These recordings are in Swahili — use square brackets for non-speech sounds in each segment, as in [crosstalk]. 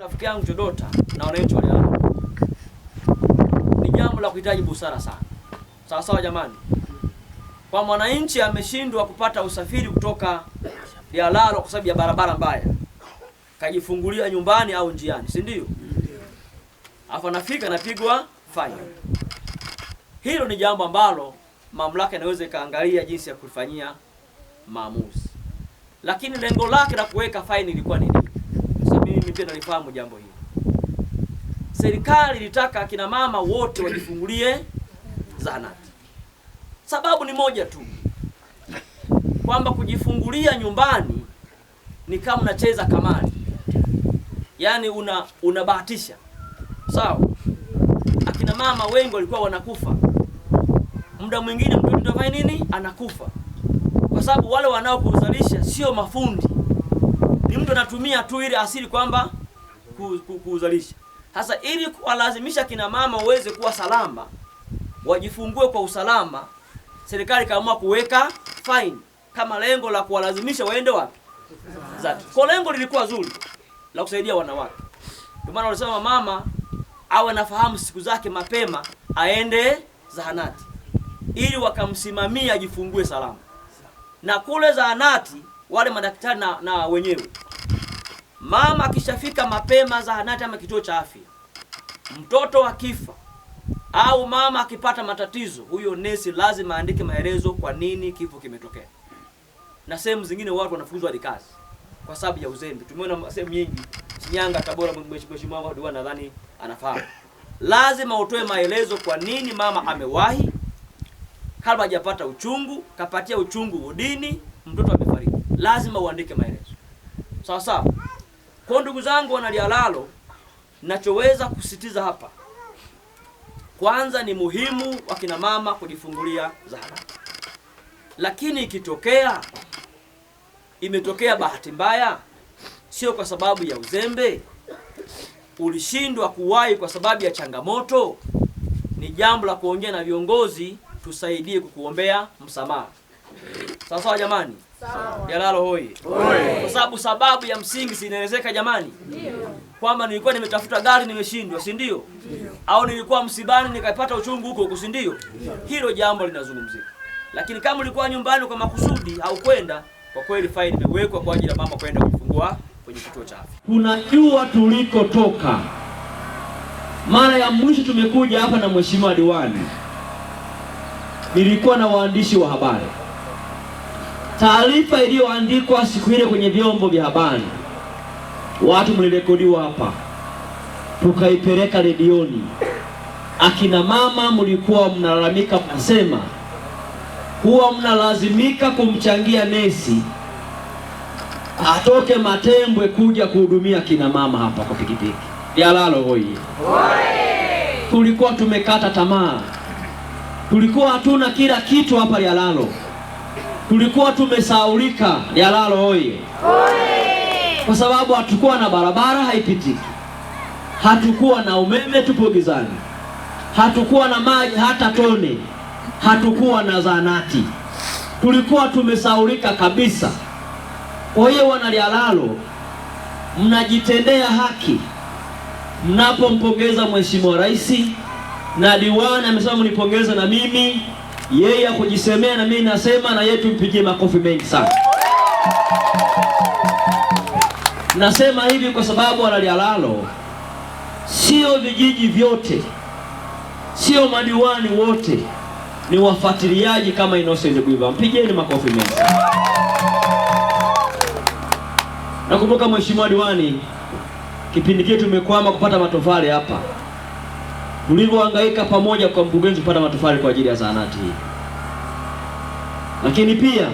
rafiki yangu Chodota na wananchi wale ni jambo la kuhitaji busara sana. Sawa sawa, jamani, kwa mwananchi ameshindwa kupata usafiri kutoka Ihalalo kwa sababu ya barabara mbaya, kajifungulia nyumbani au njiani, si ndio? Afa nafika napigwa fanya. Hilo ni jambo ambalo mamlaka inaweza ikaangalia jinsi ya kulifanyia maamuzi, lakini lengo lake la kuweka faini ilikuwa nini? pia nalifahamu jambo hili. Serikali ilitaka akina mama wote wajifungulie zahanati. Sababu ni moja tu, kwamba kujifungulia nyumbani ni kama unacheza kamari, yaani una unabahatisha. Sawa, akina mama wengi walikuwa wanakufa, muda mwingine mtoto nini, anakufa kwa sababu wale wanaokuzalisha sio mafundi ni mtu anatumia tu ile asili kwamba kuzalisha. Sasa ili kuwalazimisha kina mama waweze kuwa salama, wajifungue kwa usalama, serikali kaamua kuweka fine kama lengo la kuwalazimisha waende wapi? zati. Kwa lengo lilikuwa zuri la kusaidia wanawake. kwa maana walisema mama awe nafahamu siku zake mapema aende zahanati ili wakamsimamia ajifungue salama. Na kule zahanati wale madaktari na, na wenyewe Mama akishafika mapema zahanati ama kituo cha afya, mtoto akifa au mama akipata matatizo, huyo nesi lazima aandike maelezo kwa nini kifo kimetokea. Na sehemu zingine watu wanafukuzwa hadi kazi kwa sababu ya uzembe. Tumeona sehemu nyingi Shinyanga, Tabora, mheshimiwa diwani nadhani anafahamu. Lazima utoe maelezo kwa nini mama amewahi kama hajapata uchungu, kapatia uchungu udini, mtoto amefariki. Lazima uandike maelezo sawa sawa. Kwa ndugu zangu wanalialalo, nachoweza kusitiza hapa, kwanza ni muhimu wakina mama kujifungulia zahanati, lakini ikitokea imetokea bahati mbaya, sio kwa sababu ya uzembe, ulishindwa kuwahi kwa sababu ya changamoto, ni jambo la kuongea na viongozi tusaidie kukuombea msamaha. Sawa sawa, jamani. Jalalo hoye, kwa sababu sababu ya msingi sinaelezeka jamani, kwamba nilikuwa nimetafuta gari nimeshindwa, si ndio? Au nilikuwa msibani nikapata uchungu huko huko, si ndio? Hilo jambo linazungumzika, lakini kama ulikuwa nyumbani kwa makusudi haukwenda, kwa kweli faili imewekwa kwa ajili ya mama kwenda kufungua kwenye kituo cha afya. Tunajua tulikotoka. Mara ya mwisho tumekuja hapa na mheshimiwa diwani, nilikuwa na waandishi wa habari taarifa iliyoandikwa siku ile kwenye vyombo vya habari, watu mlirekodiwa hapa, tukaipeleka redioni. Akina mama mlikuwa mnalalamika, mnasema huwa mnalazimika kumchangia nesi atoke Matembwe kuja kuhudumia kina mama hapa kwa pikipiki. Lyalalo hoye! Tulikuwa tumekata tamaa, tulikuwa hatuna kila kitu hapa Lyalalo tulikuwa tumesaulika Nyalalo oye, kwa sababu hatukuwa na barabara haipitiki, hatukuwa na umeme, tupo gizani, hatukuwa na maji hata tone, hatukuwa na zanati tulikuwa tumesaulika kabisa. Kwa hiyo wanalyalalo, mnajitendea haki mnapompongeza Mheshimiwa Rais na diwani amesema mnipongeze na mimi yeye akujisemea, na mimi nasema, na yeye tumpigie makofi mengi sana. Nasema hivi kwa sababu Wanalihalalo sio vijiji vyote, sio madiwani wote, ni wafuatiliaji kama Innocent Gwimba. Mpigieni makofi mengi sana. Nakumbuka mheshimiwa diwani, kipindi kile tumekwama kupata matofali hapa tulivyohangaika pamoja kwa mkurugenzi kupata matofali kwa ajili ya zahanati hii, lakini pia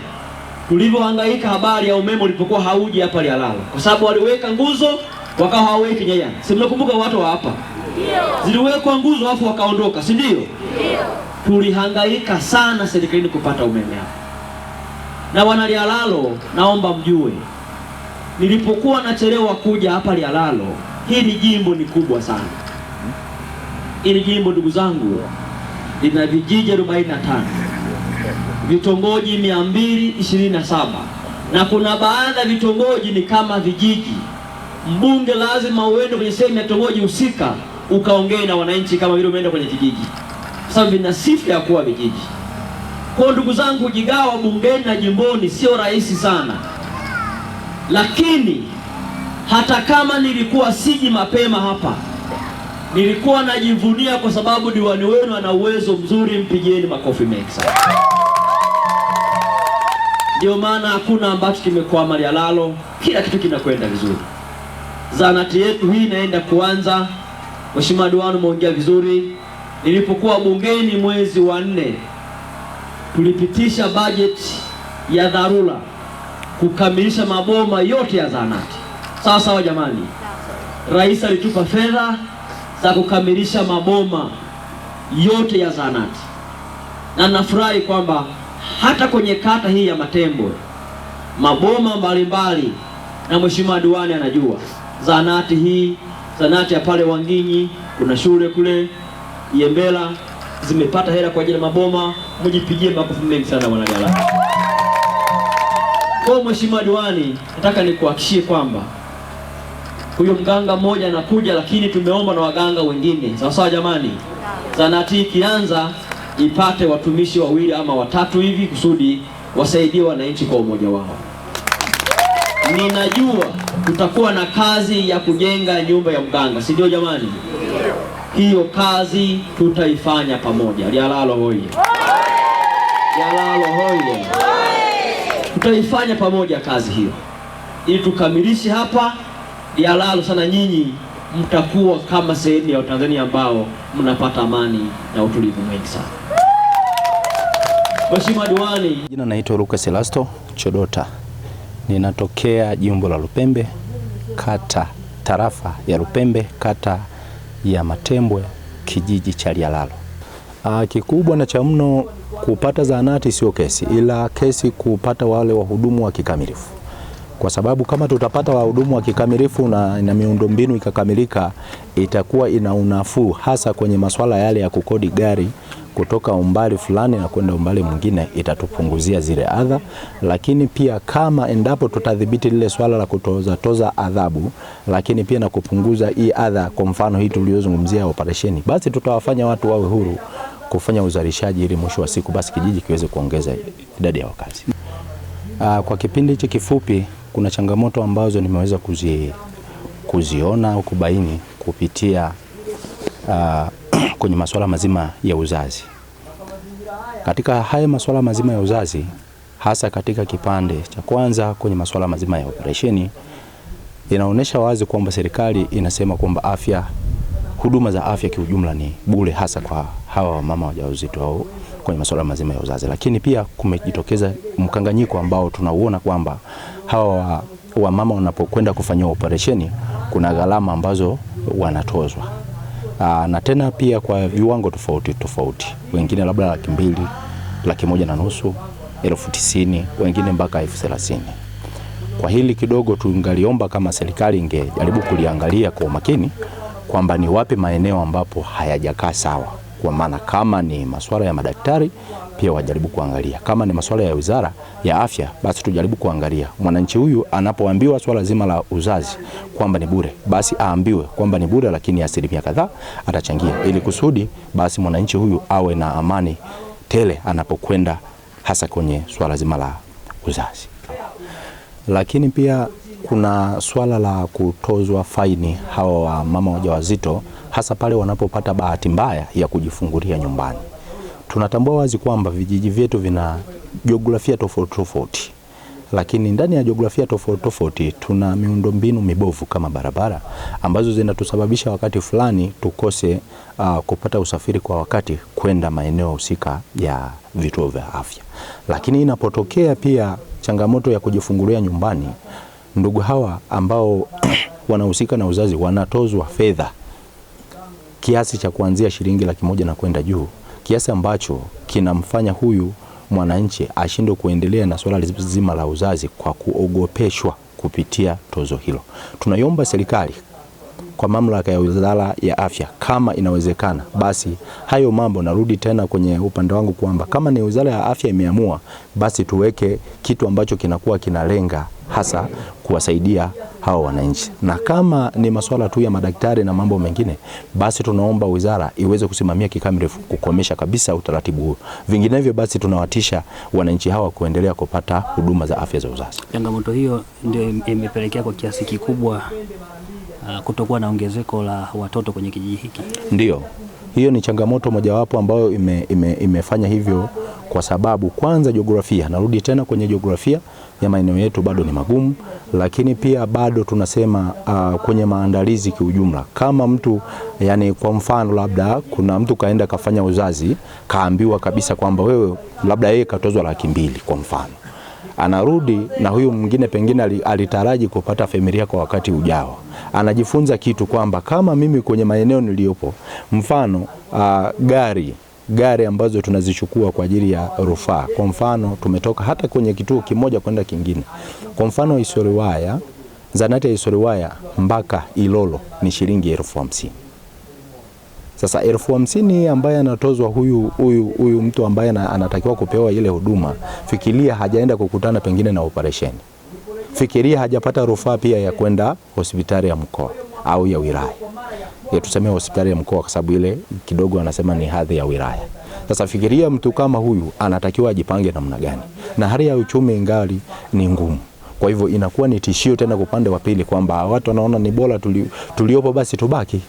tulivyohangaika habari ya umeme ulipokuwa hauji hapa Lialala, kwa sababu waliweka nguzo wakawa hawaweki nyaya. Si mnakumbuka watu wa hapa ziliwekwa nguzo alafu wakaondoka, si ndio? Tulihangaika sana serikalini kupata umeme hapa. Na wanalialalo, naomba mjue, nilipokuwa nachelewa kuja hapa Lialalo, hili jimbo ni kubwa sana. Ili jimbo ndugu zangu lina vijiji 45 vitongoji 227 na kuna baadhi ya vitongoji ni kama vijiji. Mbunge lazima uende kwenye sehemu ya vitongoji husika ukaongee na wananchi kama vile umeenda kwenye kijiji, kwa sababu vina sifa ya kuwa vijiji. Kwa ndugu zangu, jigawa bungeni na jimboni sio rahisi sana, lakini hata kama nilikuwa siji mapema hapa Nilikuwa najivunia kwa sababu diwani wenu ana uwezo mzuri, mpigieni makofi mengi sana. Ndio maana hakuna ambacho kimekwama Lyalalo, kila kitu kinakwenda vizuri. Zahanati yetu hii inaenda kuanza. Mheshimiwa diwani, umeongea vizuri. Nilipokuwa bungeni mwezi wa nne, tulipitisha bajeti ya dharura kukamilisha maboma yote ya zahanati. Sawa sawa, jamani, rais alitupa fedha za kukamilisha maboma yote ya zahanati, na nafurahi kwamba hata kwenye kata hii ya Matembo maboma mbalimbali na mheshimiwa diwani anajua zahanati hii, zahanati ya pale Wanginyi, kuna shule kule yembela zimepata hela kwa ajili ya maboma. Mjipigie makofi mengi sana Mwanagalayo. Kwa mheshimiwa diwani, nataka nikuhakishie kwamba Huyu mganga mmoja anakuja, lakini tumeomba na waganga wengine, sawa sawa. Jamani, zahanati ikianza ipate watumishi wawili ama watatu hivi kusudi wasaidie wananchi kwa umoja wao. Ninajua tutakuwa na kazi ya kujenga nyumba ya mganga, si ndio? Jamani, hiyo kazi tutaifanya pamoja. lialalo hoye, Jalalo hoye, tutaifanya pamoja kazi hiyo ili tukamilishe hapa ya lalo sana, nyinyi mtakuwa kama sehemu ya Watanzania ambao mnapata amani na utulivu mwingi sana. Mheshimiwa Diwani, jina naitwa Lucas Elasto Chodota, ninatokea jimbo la Lupembe, kata tarafa ya Lupembe, kata ya Matembwe, kijiji cha Lialalo. Ah, kikubwa na cha mno kupata zahanati sio kesi, ila kesi kupata wale wahudumu wa kikamilifu kwa sababu kama tutapata wahudumu wa kikamilifu na, na miundombinu ikakamilika, itakuwa ina unafuu hasa kwenye masuala yale ya kukodi gari kutoka umbali fulani na kwenda umbali mwingine, itatupunguzia zile adha. Lakini pia kama endapo tutadhibiti lile swala la kutoza toza adhabu, lakini pia na kupunguza hii adha, kwa mfano hii tuliyozungumzia operesheni, basi tutawafanya watu wawe huru kufanya uzalishaji, ili mwisho wa siku basi kijiji kiweze kuongeza idadi ya wakazi. Aa, ah, kwa kipindi hichi kifupi kuna changamoto ambazo nimeweza kuzi, kuziona au kubaini kupitia uh, [clears throat] kwenye masuala mazima ya uzazi. Katika haya masuala mazima ya uzazi, hasa katika kipande cha kwanza kwenye masuala mazima ya operesheni, inaonyesha wazi kwamba serikali inasema kwamba afya, huduma za afya kiujumla ni bure, hasa kwa hawa wamama wajawazito au kwenye masuala mazima ya uzazi, lakini pia kumejitokeza mkanganyiko ambao tunauona kwamba hawa wamama wanapokwenda kufanyiwa operesheni kuna gharama ambazo wanatozwa aa, ah, na tena pia kwa viwango tofauti tofauti, wengine labda laki mbili, laki moja na nusu, elfu tisini, wengine mpaka elfu thelathini. Kwa hili kidogo tungaliomba kama serikali ingejaribu kuliangalia kwa umakini kwamba ni wapi maeneo ambapo hayajakaa sawa kwa maana kama ni masuala ya madaktari pia wajaribu kuangalia, kama ni masuala ya wizara ya afya, basi tujaribu kuangalia mwananchi huyu anapoambiwa swala zima la uzazi kwamba ni bure, basi aambiwe kwamba ni bure, lakini asilimia kadhaa atachangia, ili kusudi basi mwananchi huyu awe na amani tele anapokwenda hasa kwenye swala zima la uzazi. Lakini pia kuna swala la kutozwa faini hawa wa mama wajawazito hasa pale wanapopata bahati mbaya ya kujifungulia nyumbani. Tunatambua wazi kwamba vijiji vyetu vina jiografia tofauti tofauti, lakini ndani ya jiografia tofauti tofauti tuna miundombinu mibovu kama barabara ambazo zinatusababisha wakati fulani tukose uh, kupata usafiri kwa wakati kwenda maeneo husika ya vituo vya afya. Lakini inapotokea pia changamoto ya kujifungulia nyumbani, ndugu hawa ambao [clears throat] wanahusika na uzazi wanatozwa fedha kiasi cha kuanzia shilingi laki moja na kwenda juu, kiasi ambacho kinamfanya huyu mwananchi ashindwe kuendelea na swala zima la uzazi kwa kuogopeshwa kupitia tozo hilo. Tunaiomba serikali kwa mamlaka ya Wizara ya Afya, kama inawezekana, basi hayo mambo, narudi tena kwenye upande wangu kwamba kama ni Wizara ya Afya imeamua, basi tuweke kitu ambacho kinakuwa kinalenga hasa kuwasaidia hao wananchi. Na kama ni masuala tu ya madaktari na mambo mengine, basi tunaomba wizara iweze kusimamia kikamilifu kukomesha kabisa utaratibu huo, vinginevyo basi tunawatisha wananchi hawa kuendelea kupata huduma za afya za uzazi. Changamoto hiyo ndio imepelekea kwa kiasi kikubwa uh, kutokuwa na ongezeko la watoto kwenye kijiji hiki. Ndiyo, hiyo ni changamoto mojawapo ambayo ime, ime, imefanya hivyo kwa sababu kwanza jiografia, narudi tena kwenye jiografia ya maeneo yetu bado ni magumu, lakini pia bado tunasema uh, kwenye maandalizi kiujumla. Kama mtu yani, kwa mfano labda kuna mtu kaenda kafanya uzazi kaambiwa kabisa kwamba wewe labda yeye katozwa laki mbili kwa mfano anarudi na huyu mwingine pengine alitaraji kupata familia kwa wakati ujao. Anajifunza kitu kwamba kama mimi kwenye maeneo niliyopo, mfano uh, gari gari ambazo tunazichukua kwa ajili ya rufaa. Kwa mfano tumetoka hata kwenye kituo kimoja kwenda kingine, kwa mfano Isoriwaya, zanati ya Isoriwaya mpaka Ilolo ni shilingi elfu hamsini. Sasa elfu hamsini ambaye anatozwa huyu, huyu, huyu mtu ambaye anatakiwa kupewa ile huduma, fikiria hajaenda kukutana pengine na operesheni, fikiria hajapata rufaa pia ya kwenda hospitali ya mkoa au ya wilaya ya tuseme hospitali ya mkoa, kwa sababu ile kidogo anasema ni hadhi ya wilaya. Sasa fikiria mtu kama huyu anatakiwa ajipange namna gani, na hali ya uchumi ingali ni ngumu. Kwa hivyo inakuwa ni tishio tena kwa upande wa pili kwamba watu wanaona ni bora tuliopo basi tubaki.